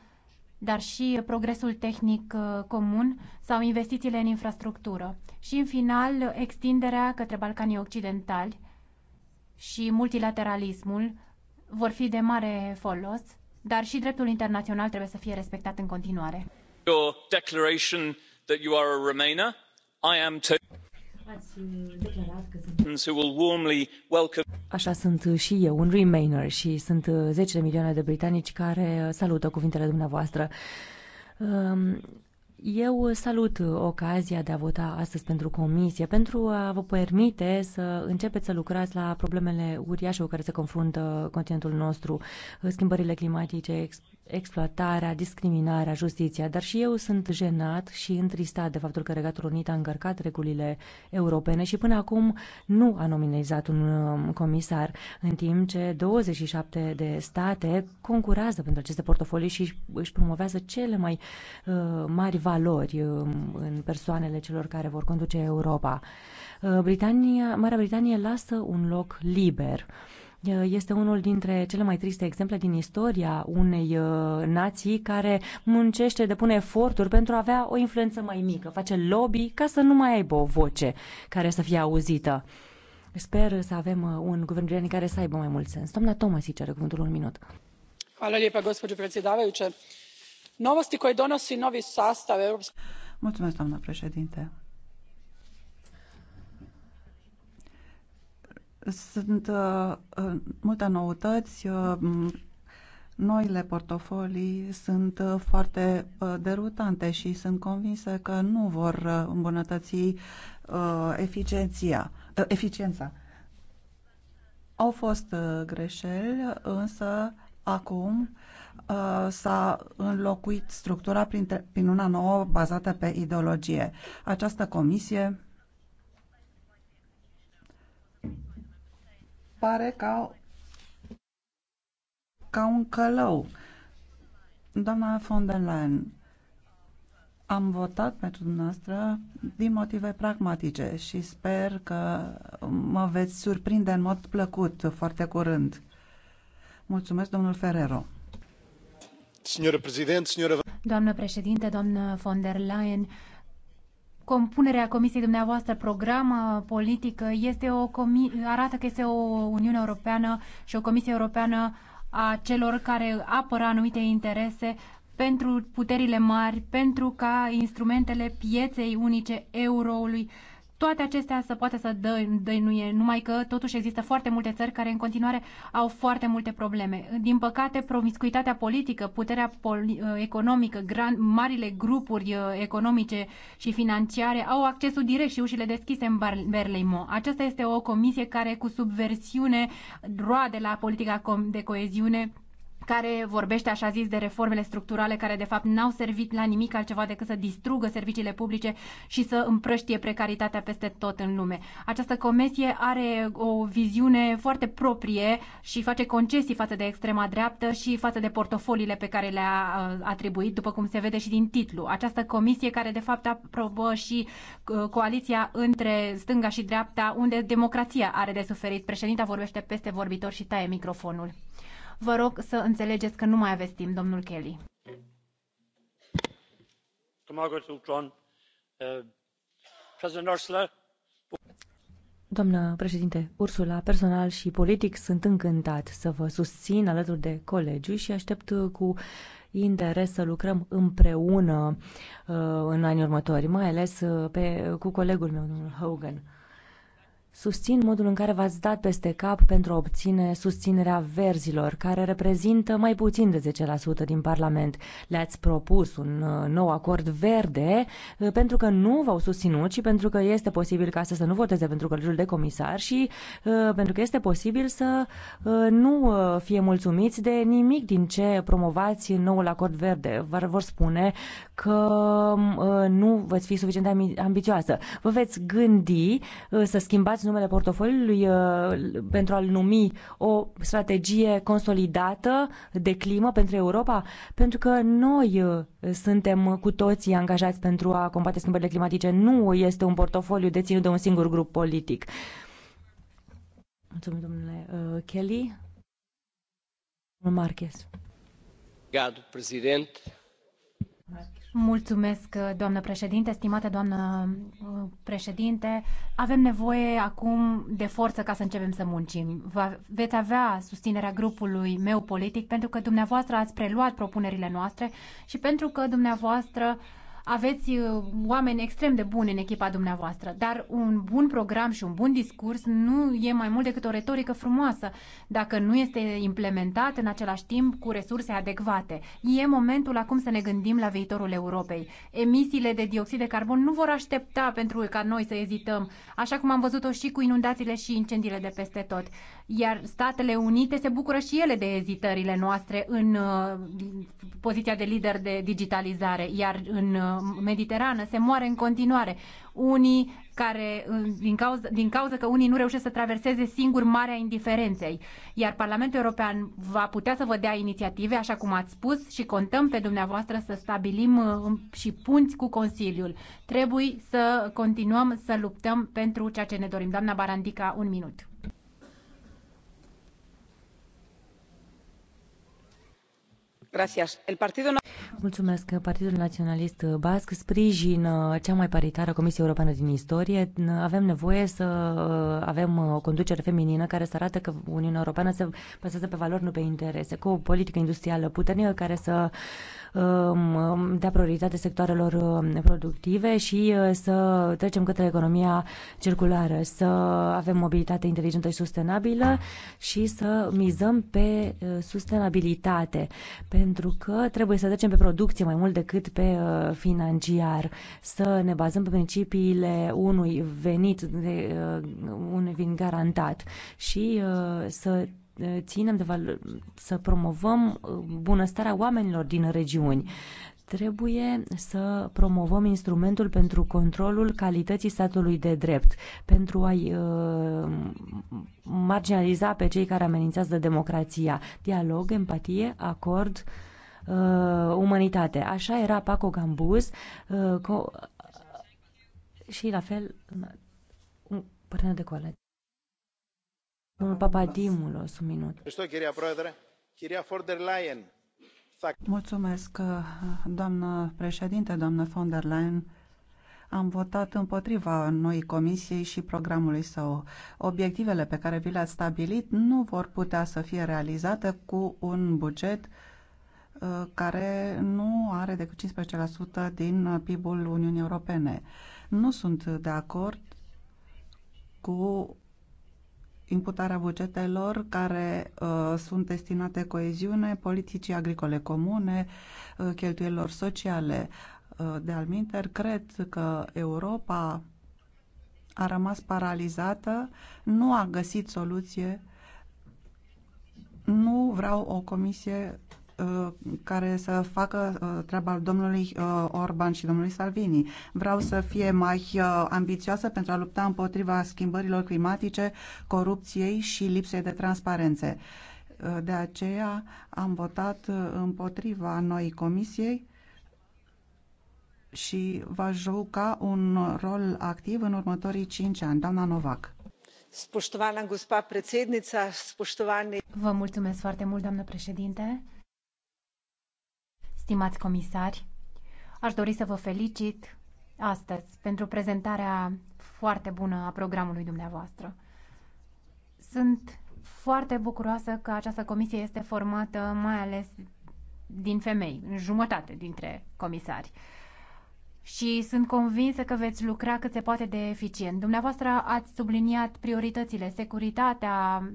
dar și progresul tehnic uh, comun sau investițiile în infrastructură. Și, în final, extinderea către Balcanii Occidentali și multilateralismul vor fi de mare folos, dar și dreptul internațional trebuie să fie respectat în continuare. Ați uh, declarat că Așa sunt și eu, un Remainer, și sunt 10 uh, milioane de britanici care uh, salută cuvintele dumneavoastră. Um, eu salut uh, ocazia de a vota astăzi pentru comisie, pentru a vă permite să începeți să lucrați la problemele uriașe cu care se confruntă continentul nostru, schimbările climatice, exploatarea, discriminarea, justiția, dar și eu sunt jenat și întristat de faptul că Regatul Unit a încărcat regulile europene și până acum nu a nominalizat un um, comisar, în timp ce 27 de state concurează pentru aceste portofolii și își promovează cele mai uh, mari valori uh, în persoanele celor care vor conduce Europa. Uh, Britania, Marea Britanie lasă un loc liber. Uh, Eh, este unul dintre cele mai triste exemple din istoria unei eh, nații care muncește, depune eforturi pentru a avea o influență mai mică, face lobby ca să nu mai aibă o voce care să fie auzită. Sper să avem eh, un guvern britanic care să aibă mai mult sens. Doamna Tomasi cere cuvântul un minut. Hvala lijepa, gospođo predsjedavajuće. Novosti koje donosi novi sastav Europske... Mulțumesc, doamna președinte. Sunt uh, uh, multe noutăți. Uh, noile portofolii sunt uh, foarte derutante și sunt convinsă că nu vor îmbunătăți uh, eficienția, uh, eficiența. Au fost greșeli, însă acum uh, s-a înlocuit structura prin, prin una nouă bazată pe ideologie. Această comisie pare ca, ca un călău. Doamna von der Leyen, am votat pentru dumneavoastră din motive pragmatice și sper că mă veți surprinde în mod plăcut foarte curând. Mulțumesc, domnul Ferrero. Doamnă președinte, doamnă von der Leyen, compunerea comisiei dumneavoastră, programă uh, politică, este o comi arată că este o Uniune Europeană și o Comisie Europeană a celor care apără anumite interese pentru puterile mari, pentru ca instrumentele pieței unice euroului uh, toate acestea să poată să dă, dăinuie, numai că totuși există foarte multe țări care în continuare au foarte multe probleme. Din păcate, promiscuitatea politică, puterea poli- uh, economică, gran, marile grupuri uh, economice și financiare au accesul direct și ușile deschise în Berlimo. Aceasta este o comisie care cu subversiune roade la politica de coeziune care vorbește așa zis de reformele structurale care de fapt n-au servit la nimic altceva decât să distrugă serviciile publice și să împrăștie precaritatea peste tot în lume. Această comisie are o viziune foarte proprie și face concesii față de extrema dreaptă și față de portofoliile pe care le-a uh, atribuit, după cum se vede și din titlu. Această comisie care de fapt aprobă și uh, coaliția între stânga și dreapta, unde democrația are de suferit. Președinta vorbește peste vorbitor și taie microfonul. Vă rog să înțelegeți că nu mai aveți timp, domnul Kelly. Doamnă președinte Ursula, personal și politic sunt încântat să vă susțin alături de colegii și aștept cu interes să lucrăm împreună uh, în anii următori, mai ales uh, pe, cu colegul meu, domnul Hogan. Susțin modul în care v-ați dat peste cap pentru a obține susținerea verzilor, care reprezintă mai puțin de 10% din Parlament. Le-ați propus un uh, nou acord verde uh, pentru că nu v-au susținut și pentru că este posibil ca să nu voteze pentru colegiul de comisar și uh, pentru că este posibil să nu fie mulțumiți de nimic din ce promovați în noul acord verde. Vă vor spune că nu veți fi suficient de ambițioasă. Vă veți gândi să schimbați dați numele portofoliului uh, pentru a-l numi o strategie consolidată de climă pentru Europa? Pentru că noi uh, suntem cu toții angajați pentru a combate schimbările climatice. Nu este un portofoliu deținut de un singur grup politic. Mulțumim, domnule uh, Kelly. Domnul Marquez. Gadu, președinte. Marquez. Mulțumesc, doamnă președinte, stimată doamnă uh, președinte. Avem nevoie acum de forță ca să începem să muncim. Va, veți avea susținerea grupului meu politic pentru că dumneavoastră ați preluat propunerile noastre și pentru că dumneavoastră uh, aveți uh, oameni extrem de buni în echipa dumneavoastră, dar un bun program și un bun discurs nu e mai mult decât o retorică frumoasă dacă nu este implementat în același timp cu resurse adecvate. E momentul acum să ne gândim la viitorul Europei. Emisiile de dioxid de carbon nu vor aștepta pentru ca noi să ezităm, așa cum am văzut-o și cu inundațiile și incendiile de peste tot. Iar Statele Unite se bucură și ele de ezitările noastre în uh, poziția de lider de digitalizare, iar în uh, Mediterană, se moare în continuare. Unii care, din cauza, din cauza că unii nu reușesc să traverseze singur Marea Indiferenței. Iar Parlamentul European va putea să vă dea inițiative, așa cum ați spus, și contăm pe dumneavoastră să stabilim uh, și punți cu Consiliul. Trebuie să continuăm să luptăm pentru ceea ce ne dorim. Doamna Barandica, un minut. Mulțumesc. Partidul Naționalist Basc sprijină cea mai paritară Comisie Europeană din istorie. Avem nevoie să uh, avem uh, o conducere feminină care să arate că Uniunea Europeană se bazează pe valori, nu pe interese, cu o politică industrială puternică care să Um, dea prioritate sectoarelor um, productive și uh, să trecem către economia circulară, să avem mobilitate inteligentă și sustenabilă și să mizăm pe uh, sustenabilitate, pentru că trebuie să trecem pe producție mai mult decât pe uh, financiar, să ne bazăm pe principiile unui venit, de, un venit garantat și să ținem de val- să promovăm uh, bunăstarea oamenilor din regiuni. Trebuie să promovăm instrumentul pentru controlul calității statului de drept, pentru a-i uh, marginaliza pe cei care amenințează democrația. Dialog, empatie, acord, uh, umanitate. Așa era Paco Gambuz uh, și la fel pârnă de colegi. Domnul doamnă președinte, doamnă von der Leyen. Am votat împotriva noi comisiei și programului său. Obiectivele pe care vi le-ați stabilit nu vor putea să fie realizate cu un buget uh, care nu are decât 15% din PIB-ul Uniunii Europene. Nu sunt de acord cu imputarea bugetelor care uh, sunt destinate coeziune, politicii agricole comune, uh, cheltuielor sociale. Uh, de alminter, cred că Europa a rămas paralizată, nu a găsit soluție. Nu vreau o comisie Uh, care să facă uh, treaba domnului uh, Orban și domnului Salvini. Vreau să fie mai ambițioasă pentru a lupta împotriva schimbărilor climatice, corupției și lipsei de transparențe. De aceea am votat împotriva noii comisiei și va juca un rol activ în următorii cinci ani. Doamna Novac. Vă mulțumesc foarte mult, doamnă președinte stimați comisari, aș dori să vă felicit astăzi pentru prezentarea foarte bună a programului dumneavoastră. Sunt foarte bucuroasă că această comisie este formată mai ales din femei, în jumătate dintre comisari. Și sunt convinsă că veți lucra cât se poate de eficient. Dumneavoastră ați subliniat prioritățile, securitatea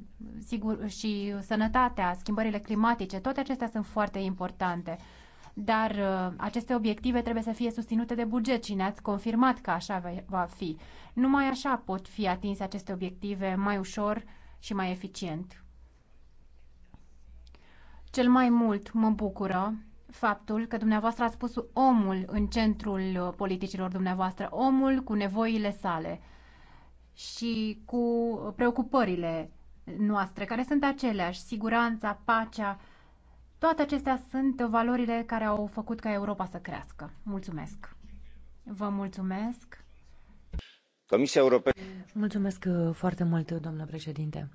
sigur, și sănătatea, schimbările climatice, toate acestea sunt foarte importante dar uh, aceste obiective trebuie să fie susținute de buget și ne-ați confirmat că așa va fi. Numai așa pot fi atinse aceste obiective mai ușor și mai eficient. Cel mai mult mă bucură faptul că dumneavoastră ați pus omul în centrul uh, politicilor dumneavoastră, omul cu nevoile sale și cu preocupările noastre, care sunt aceleași, siguranța, pacea, toate acestea sunt valorile care au făcut ca Europa să crească. Mulțumesc! Vă mulțumesc! Comisia Europeană. Mulțumesc uh, foarte mult, doamnă președinte.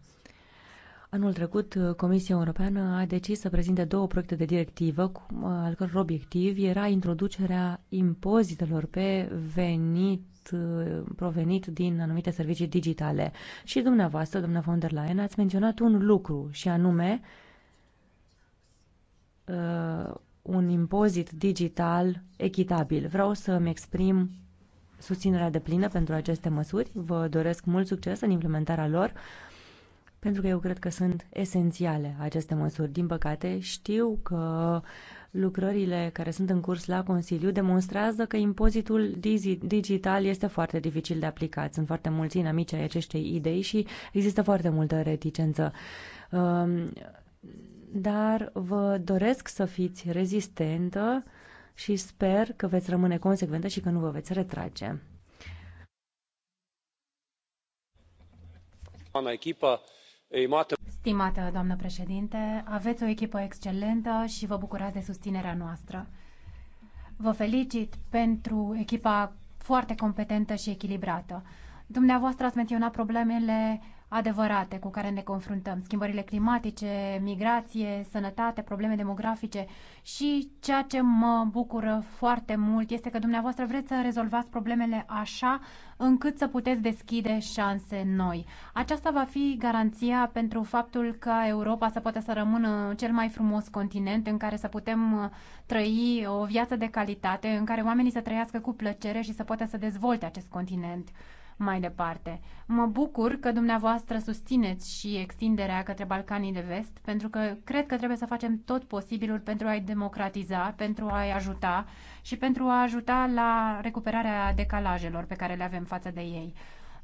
Anul trecut, uh, Comisia Europeană a decis să prezinte două proiecte de directivă, uh, al căror obiectiv era introducerea impozitelor pe venit provenit din anumite servicii digitale. Și dumneavoastră, doamna von der Leyen, ați menționat un lucru, și anume uh, un impozit digital echitabil. Vreau să-mi exprim susținerea de plină pentru aceste măsuri. Vă doresc mult succes în implementarea lor, pentru că eu cred că sunt esențiale aceste măsuri. Din păcate, știu că lucrările care sunt în curs la Consiliu demonstrează că impozitul digital este foarte dificil de aplicat. Sunt foarte mulți inamici ai acestei idei și există foarte multă reticență. Um, dar vă doresc să fiți rezistentă și sper că veți rămâne consecventă și că nu vă veți retrage. Doamna echipă, Stimată doamnă președinte, aveți o echipă excelentă și vă bucurați de susținerea noastră. Vă felicit pentru echipa foarte competentă și echilibrată. Dumneavoastră ați menționat problemele adevărate cu care ne confruntăm. Schimbările climatice, migrație, sănătate, probleme demografice și ceea ce mă bucură foarte mult este că dumneavoastră vreți să rezolvați problemele așa încât să puteți deschide șanse noi. Aceasta va fi garanția pentru faptul că Europa să poată să rămână cel mai frumos continent în care să putem uh, trăi o viață de calitate, în care oamenii să trăiască cu plăcere și să poată să dezvolte acest continent mai departe. Mă bucur că dumneavoastră susțineți și extinderea către Balcanii de Vest, pentru că cred că trebuie să facem tot posibilul pentru a-i democratiza, pentru a-i ajuta și pentru a ajuta la recuperarea decalajelor pe care le avem față de ei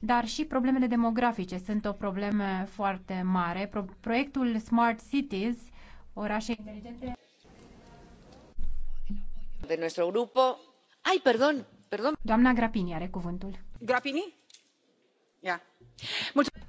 dar și problemele demografice sunt o problemă foarte mare. Pro- proiectul Smart Cities, orașe inteligente. De nostru grupo. Ai, perdon, perdon. Doamna Grapini are cuvântul. Grapini? doamnă președintă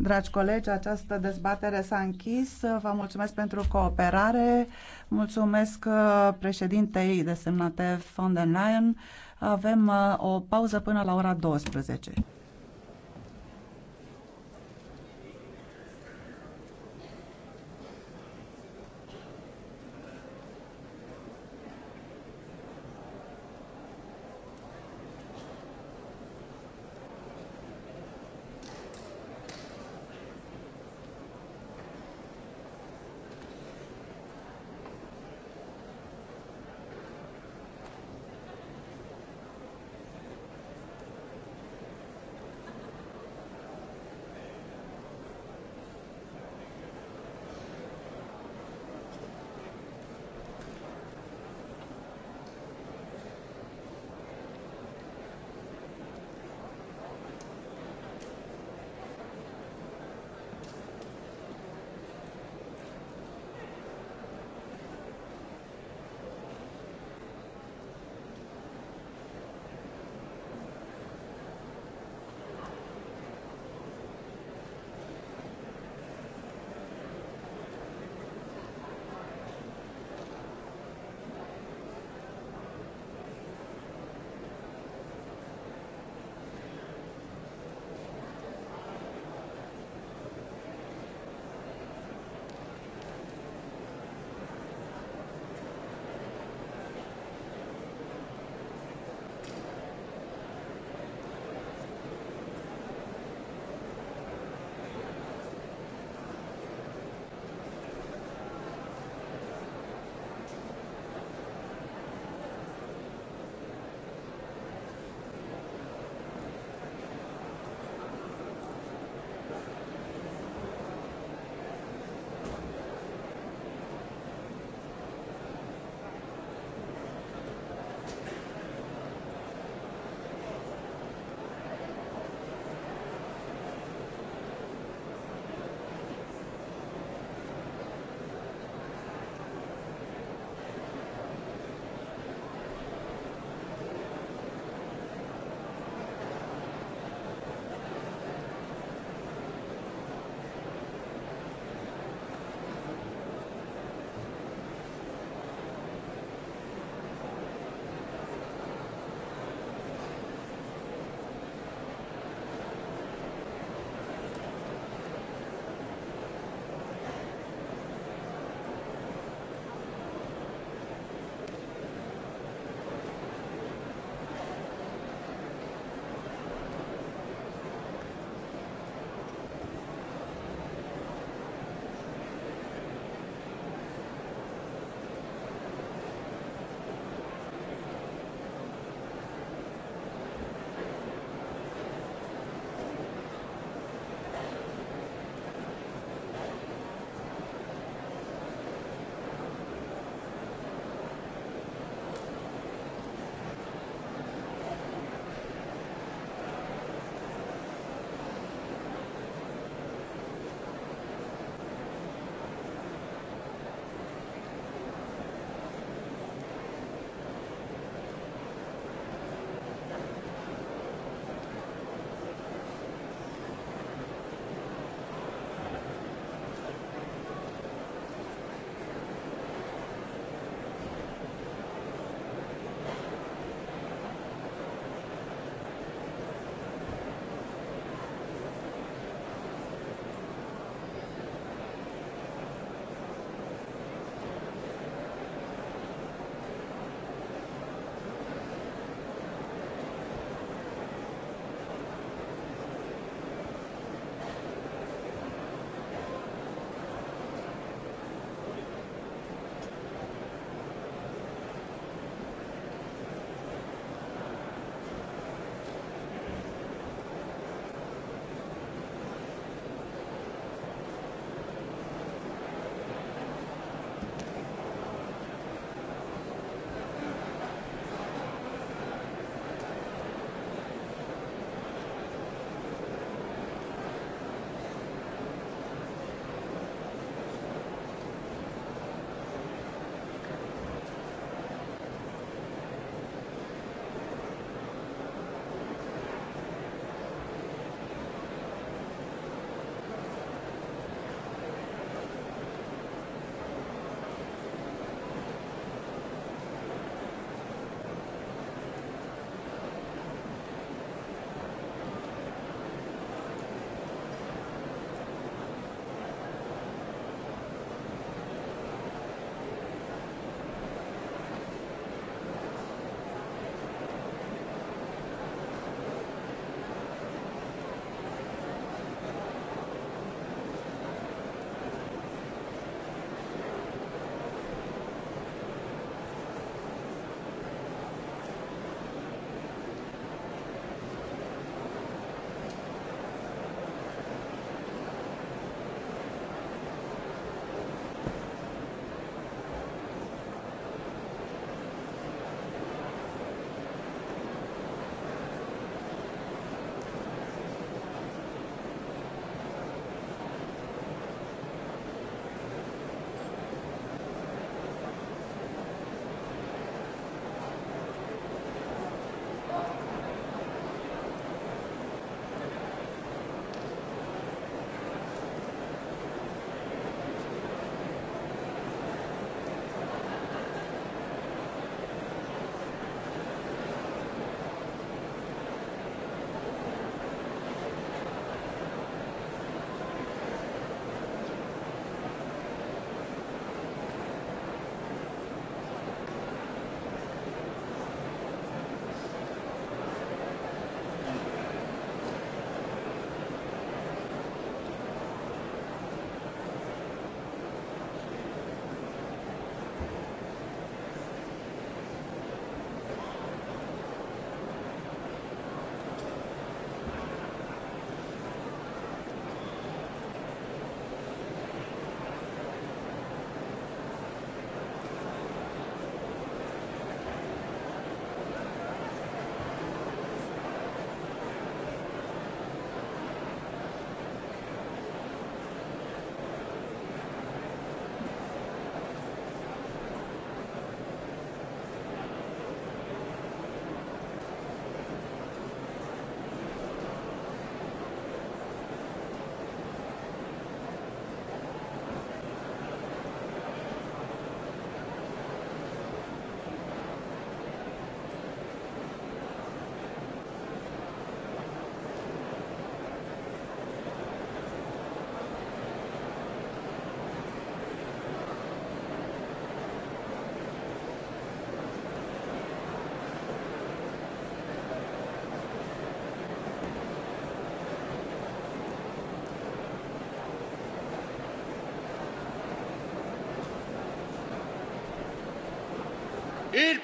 Dragi colegi, această dezbatere s-a închis. Vă mulțumesc pentru cooperare. Mulțumesc uh, președintei desemnate von der Leyen. Avem uh, o pauză până la ora 12.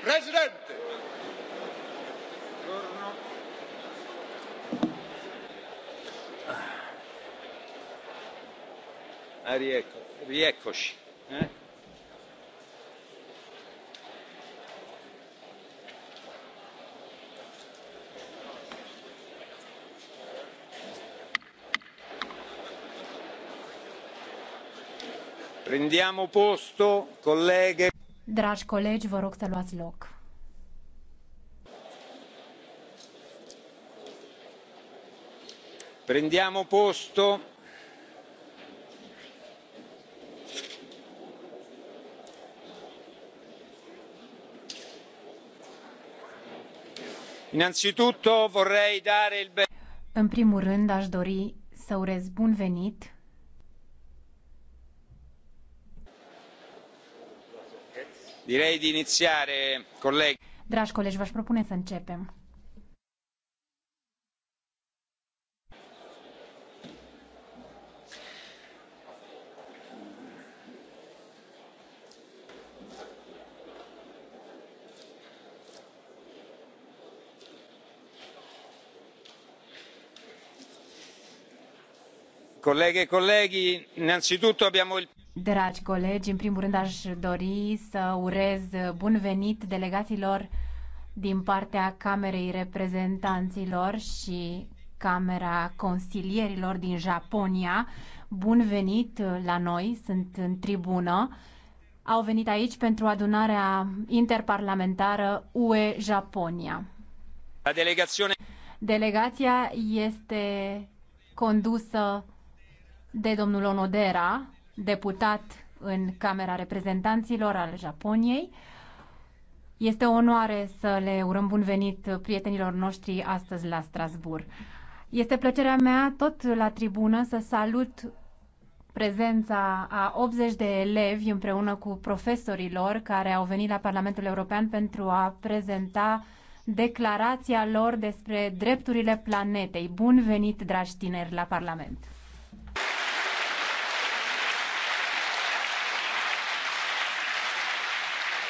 Presidente! Buongiorno. Ah, ah rieccoci. Eh? Prendiamo posto, colleghe. Dragi colegi, vă rog să luați loc. Prendiamo posto. Innanzitutto vorrei dare il În primul rând, aș dori să urez bun venit Direi colegi. Dragi colegi, v-aș propune să începem. Colleghe e colleghi, innanzitutto abbiamo il Dragi colegi, în primul rând aș dori să urez bun venit delegațiilor din partea Camerei Reprezentanților și Camera Consilierilor din Japonia. Bun venit la noi, sunt în tribună. Au venit aici pentru adunarea interparlamentară UE-Japonia. La delegațiune... Delegația este condusă de domnul Onodera, deputat în Camera Reprezentanților al Japoniei. Este o onoare să le urăm bun venit prietenilor noștri astăzi la Strasbourg. Este plăcerea mea tot la tribună să salut prezența a 80 de elevi împreună cu profesorii lor care au venit la Parlamentul European pentru a prezenta declarația lor despre drepturile planetei. Bun venit, dragi tineri, la Parlament!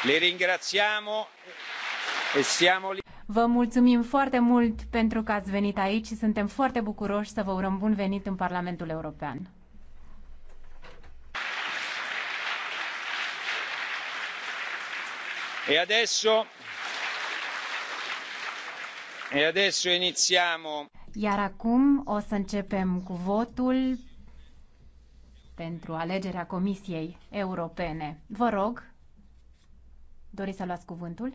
Le ringraziamo e siamo Vă mulțumim foarte mult pentru că ați venit aici și suntem foarte bucuroși să vă urăm bun venit în Parlamentul European. E adesso E adesso iniziamo. Iar acum o să începem cu votul pentru alegerea Comisiei Europene. Vă rog Doriți să luați cuvântul?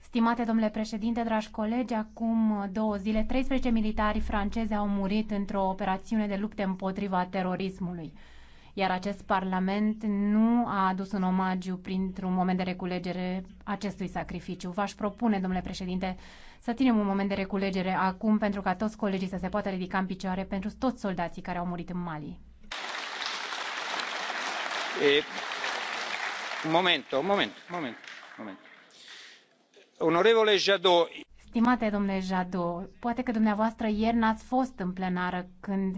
Stimate domnule președinte, dragi colegi, acum două zile 13 militari francezi au murit într-o operațiune de luptă împotriva terorismului. Iar acest parlament nu a adus un omagiu printr-un moment de reculegere acestui sacrificiu. V-aș propune, domnule președinte, să ținem un moment de reculegere acum pentru ca toți colegii să se poată ridica în picioare pentru toți soldații care au murit în Mali. E moment, moment, moment, moment. Stimate domnule Jadot, poate că dumneavoastră ieri n-ați fost în plenară când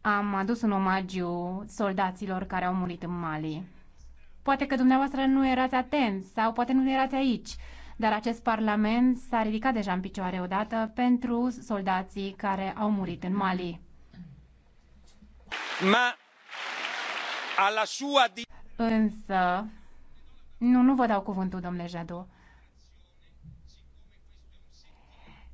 am adus un omagiu soldaților care au murit în Mali. Poate că dumneavoastră nu erați atent sau poate nu erați aici, dar acest parlament s-a ridicat deja în picioare odată pentru soldații care au murit în Mali. Ma alla sua di... Însă, nu, nu vă dau cuvântul, domnule Jadu.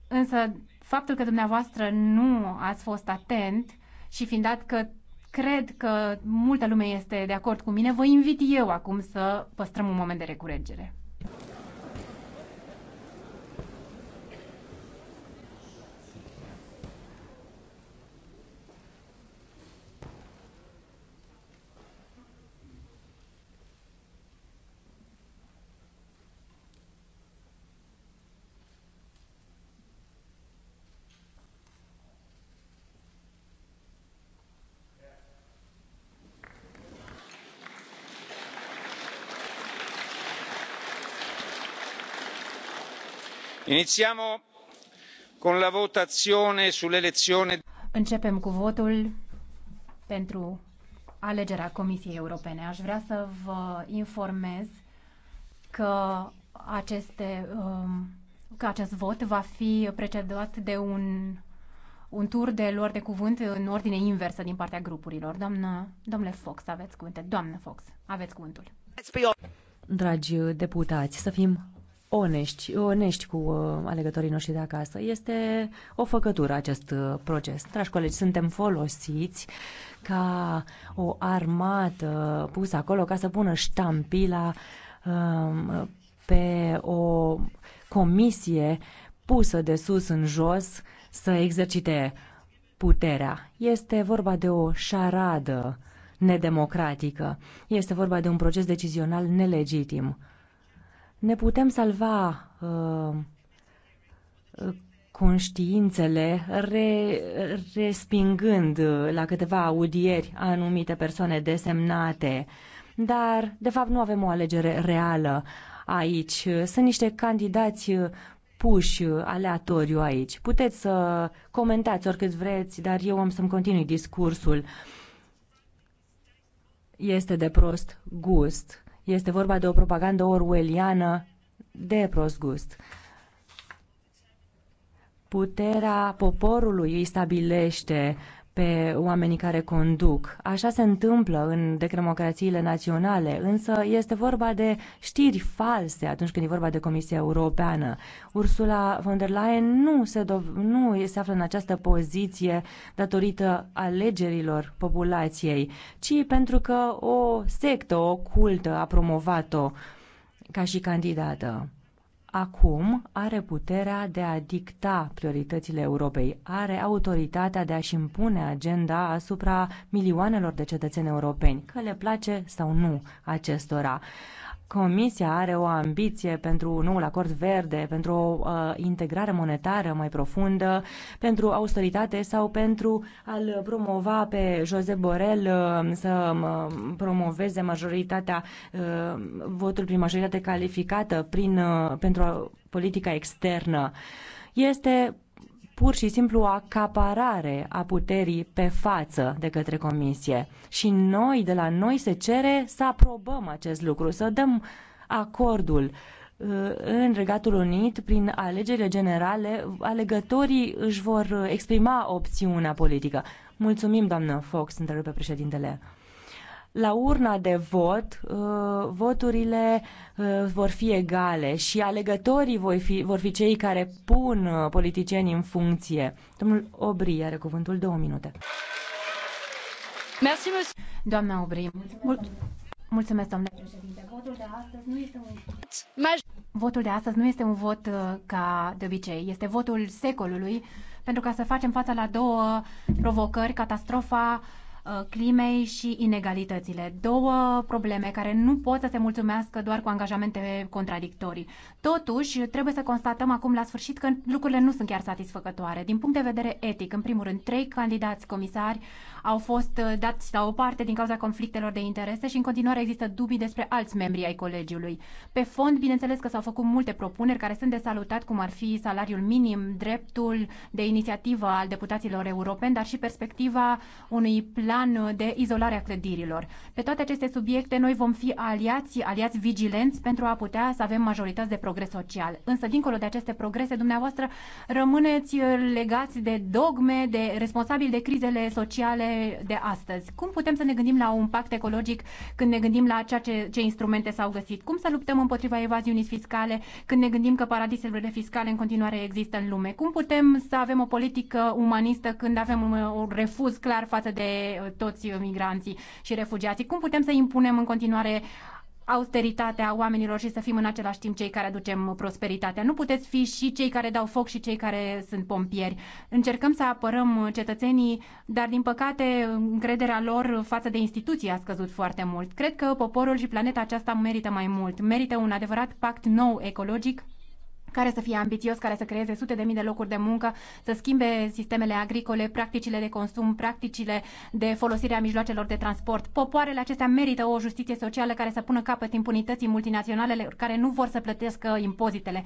Însă, faptul că dumneavoastră nu ați fost atent și fiind dat că cred că multă lume este de acord cu mine, vă invit eu acum să păstrăm un moment de recuregere. Iniziamo con la votazione sull'elezione. Începem cu votul pentru alegerea Comisiei Europene. Aș vrea să vă informez că aceste, um, că acest vot va fi precedat de un, un tur de luări de cuvânt în ordine inversă din partea grupurilor. Doamnă, domnule Fox, aveți cuvânt. Doamnă Fox, aveți cuvântul. Dragi deputați, să fim onești, onești cu uh, alegătorii noștri de acasă. Este o făcătură acest uh, proces. Dragi colegi, suntem folosiți ca o armată pusă acolo ca să pună ștampila um, pe o comisie pusă de sus în jos să exercite puterea. Este vorba de o șaradă nedemocratică. Este vorba de un proces decizional nelegitim. Ne putem salva uh, uh conștiințele, re, respingând uh, la câteva audieri anumite persoane desemnate. Dar, de fapt, nu avem o alegere reală aici. Sunt niște candidați uh, puși aleatoriu aici. Puteți să comentați oricât vreți, dar eu am să-mi continui discursul. Este de prost gust este vorba de o propagandă orwelliană de prost gust. Puterea poporului îi stabilește uh, pe oamenii care conduc. Așa se întâmplă în democrațiile naționale, însă este vorba de știri false atunci când e vorba de Comisia Europeană. Ursula von der Leyen nu se, nu se află în această poziție datorită alegerilor populației, ci pentru că o sectă o cultă a promovat-o ca și candidată acum are puterea de a dicta prioritățile Europei, are autoritatea de a-și impune agenda asupra milioanelor de cetățeni europeni, că le place sau nu acestora. Comisia are o ambiție pentru noul acord verde, pentru o uh, integrare monetară mai profundă, pentru austeritate sau pentru a-l promova pe Jose Borel uh, să uh, promoveze majoritatea, uh, votul prin majoritate calificată prin, uh, pentru politica externă. Este pur și simplu acaparare a puterii pe față de către Comisie. Și noi, de la noi, se cere să aprobăm acest lucru, să dăm acordul uh, în Regatul Unit, prin alegerile generale, alegătorii își vor exprima opțiunea politică. Mulțumim, doamnă Fox, întrerupe președintele la urna de vot, uh, voturile uh, vor fi egale și alegătorii vor fi, vor fi cei care pun uh, politicienii în funcție. Domnul Obri are cuvântul două minute. Mersi, Doamna Obri, mulțumesc, doamna președinte. Votul de astăzi nu este un... vot ca de obicei, este votul secolului pentru ca să facem față la două provocări, catastrofa Uh, climei și inegalitățile. Două probleme care nu pot să se mulțumească doar cu angajamente contradictorii. Totuși, trebuie să constatăm acum la sfârșit că lucrurile nu sunt chiar satisfăcătoare. Din punct de vedere etic, în primul rând, trei candidați comisari au fost uh, dați la o parte din cauza conflictelor de interese și în continuare există dubii despre alți membri ai colegiului. Pe fond, bineînțeles că s-au făcut multe propuneri care sunt de salutat, cum ar fi salariul minim, dreptul de inițiativă al deputaților europeni, dar și perspectiva unui plan de izolare a clădirilor. Pe toate aceste subiecte, noi vom fi aliați, aliați vigilenți pentru a putea să avem majorități de progres social. Însă, dincolo de aceste progrese, dumneavoastră rămâneți legați de dogme, de responsabili de crizele sociale de, astăzi. Cum putem să ne gândim la un pact ecologic când ne gândim la ceea ce, ce instrumente s-au găsit? Cum să luptăm împotriva evaziunii fiscale când ne gândim că paradisele fiscale în continuare există în lume? Cum putem să avem o politică umanistă când avem un, un refuz clar față de uh, toți migranții și refugiații? Cum putem să impunem în continuare austeritatea oamenilor și să fim în același timp cei care aducem prosperitatea. Nu puteți fi și cei care dau foc și cei care sunt pompieri. Încercăm să apărăm cetățenii, dar din păcate încrederea lor față de instituții a scăzut foarte mult. Cred că poporul și planeta aceasta merită mai mult. Merită un adevărat pact nou ecologic care să fie ambițios, care să creeze sute de mii de locuri de muncă, să schimbe sistemele agricole, practicile de consum, practicile de folosire a mijloacelor de transport. Popoarele acestea merită o justiție socială care să pună capăt impunității multinaționalelor care nu vor să plătească impozitele.